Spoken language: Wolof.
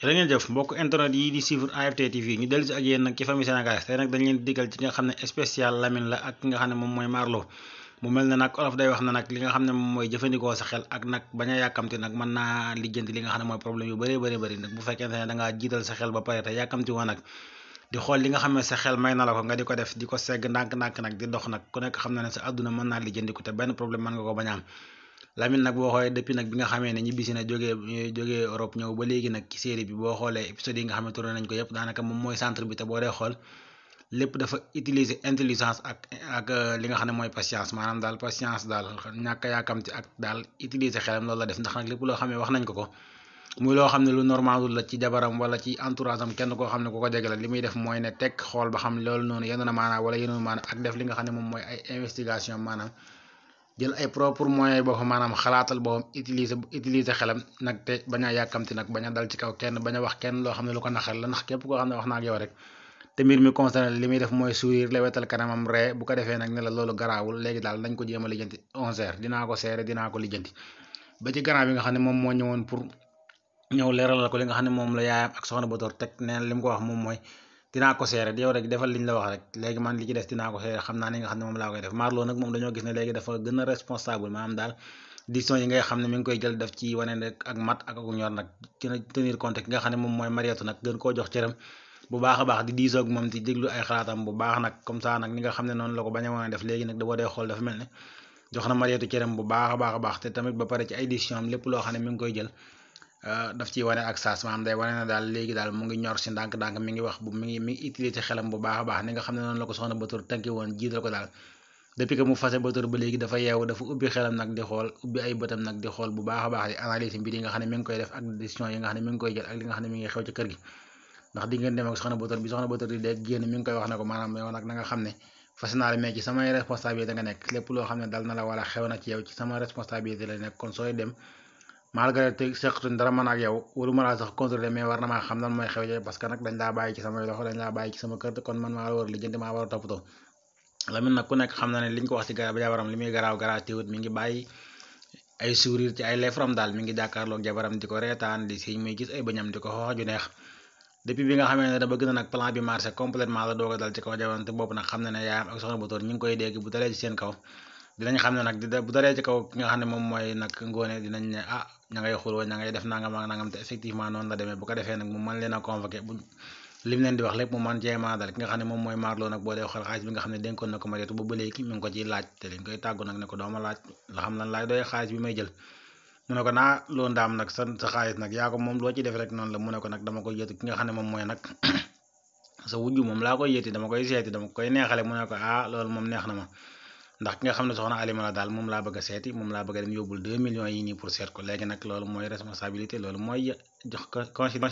jërë ngeen jëf mbokk internet yi di suivre AFT TV ñu dellu si ak yéen nag ci famille sénégalaise tey nag dañ mooy Marlo mel ne nag olof day wax na nag li nga xam ne mooy jëfandikoo sa xel ak nag a yàkkamti nag mën naa lijjanti li nga xam ne mooy problème yu bëree bëri bëri nag bu fekkente ne dangaa jiital sa xel ba pare te yàkkamti woon nag di xool li nga xam ne sa xel may na la ko nga di ko def di ko segg ndànk-ndànk nag di dox nag ku nekk xam na ne sa àdduna mën naa lijjanti ko te benn problème mën nga ko bañ a am Lamine nag boo xoolee depuis nag bi nga xamee ne ñibbisi na jógee jógee Europe ñëw ba léegi nag ci série bi boo xoolee épisodes yi nga xam ne tourné nañ ko yëpp daanaka moom mooy centre bi te boo dee xool lépp dafa utiliser intelligence ak ak euh, nga xam ne mooy patience maanaam daal patience daal ñàkk a yàkkamti ak daal utiliser xelam loolu la def ndax lépp loo xamee wax nañ ko ko muy loo xam ne lu normalul la ci jabaram wala ci entourage kenn koo xam ne ko ko jege la li muy def mooy ne teg xool ba xam loolu noonu yenn na maanaam wala yenn maanaam li nga xam ne moom mooy ay investigation jël ay propre moyens boo xam maanaam xalaatal boppam utiliser utiliser xelam nag te bañ a yàkkamti nag bañ a dal ci kaw kenn bañ wax kenn loo xam ne lu ko naqar la képp koo xam ne wax naa ak yow rek te mbir mi concerné li muy def mooy sourire la wetal kanamam ree bu ko defee nag ne la loolu garaawul léegi daal nañ ko jéem a lijjanti onze heures dinaa ko seere dinaa ko lijjanti ba ci garaaw nga xam ne moom moo ñëwoon pour ñëw leeralal ko li nga xam ne moom la yaayam ak soxna ba door teg neen li mu ko wax moom mooy dinaa ko seere yow defal liñ la wax rek léegi man li ci des dinaa ko seere xam naa ni nga xam ne moom laa koy def Marlo nag moom dañoo gis ne léegi dafa mat ak ñor nag gën a jox cëram bu baax baax di diisoo moom di déglu ay xalaatam bu baax nag comme ça nag ni nga xam ne noonu la ko bañ def léegi nag da dee xool dafa mel ne jox na Mariatu cëram bu baax baax te tamit ba pare ci ay décision am lépp loo xam ne mi koy jël Euh, daf ciy wane ak saas maanaam day wane ne daal léegi daal mu ngi ñor si ndànk-ndànk mi ngi wax bu ngi mi xelam bu baax a baax ni nga xam ne noonu la ko soxna xam ne mi ngi koy xam ne mi ngi koy ne mi ngi koy wax ne ko maanaam yow nag na nga xam ne fas naa la mais ci samay responsabilité nga nekk lépp loo xam ne dal na la wala xew na ci yow ci sama responsabilité la nekk kon sooy dem malgré te seqatuñ dara man ak yow waruma laa sax contrôler mais war na maa xam lan mooy xew je parce que ci sama kon man maa war war a toppatoo Lamine nag ku nekk xam na ne liñ ko wax ci garab mi ngi bàyyi ay sourire ci ay lefram daal mi ngi jàkkaarloog jabaram di ko reetaan di siñ muy gis ay bëñam di ko xoox depuis bi nga xamee ne da bëgg na nag plan bi marché complètement la doog a dal ci kaw jabaram te bopp nag xam na ne yaayam ak soxna bu tóor ngi koy dégg bu dalee ci seen kaw dinañ xam ne nag di bu daree ki nga xam ne moom mooy nag ngóone dinañ ne ah ña ngay xuloo def nangam ak nangam te effectivement noonu la demee bu defee nag mu mën leen a convoqué na ko Mariétu ba ba léegi mi ko ciy laaj te liñ koy tàggu nag ne ko dooma laaj la xam lan laaj doy xaalis bi may jël mu ne ko naa loo ndaam nag sa sa nag yaa ko moom loo ci def rek noonu la mu ne ko nag moom mooy nag sa wujju moom laa koy yëti dama koy seeti ah, moom neex na ma ndax ki nga xam ne soxna Alima la daal moom laa bëgg a seeti moom laa bëgg a dem yóbbul deux millions yi nii pour seet ko léegi nag loolu mooy responsabilité loolu mooy jox ko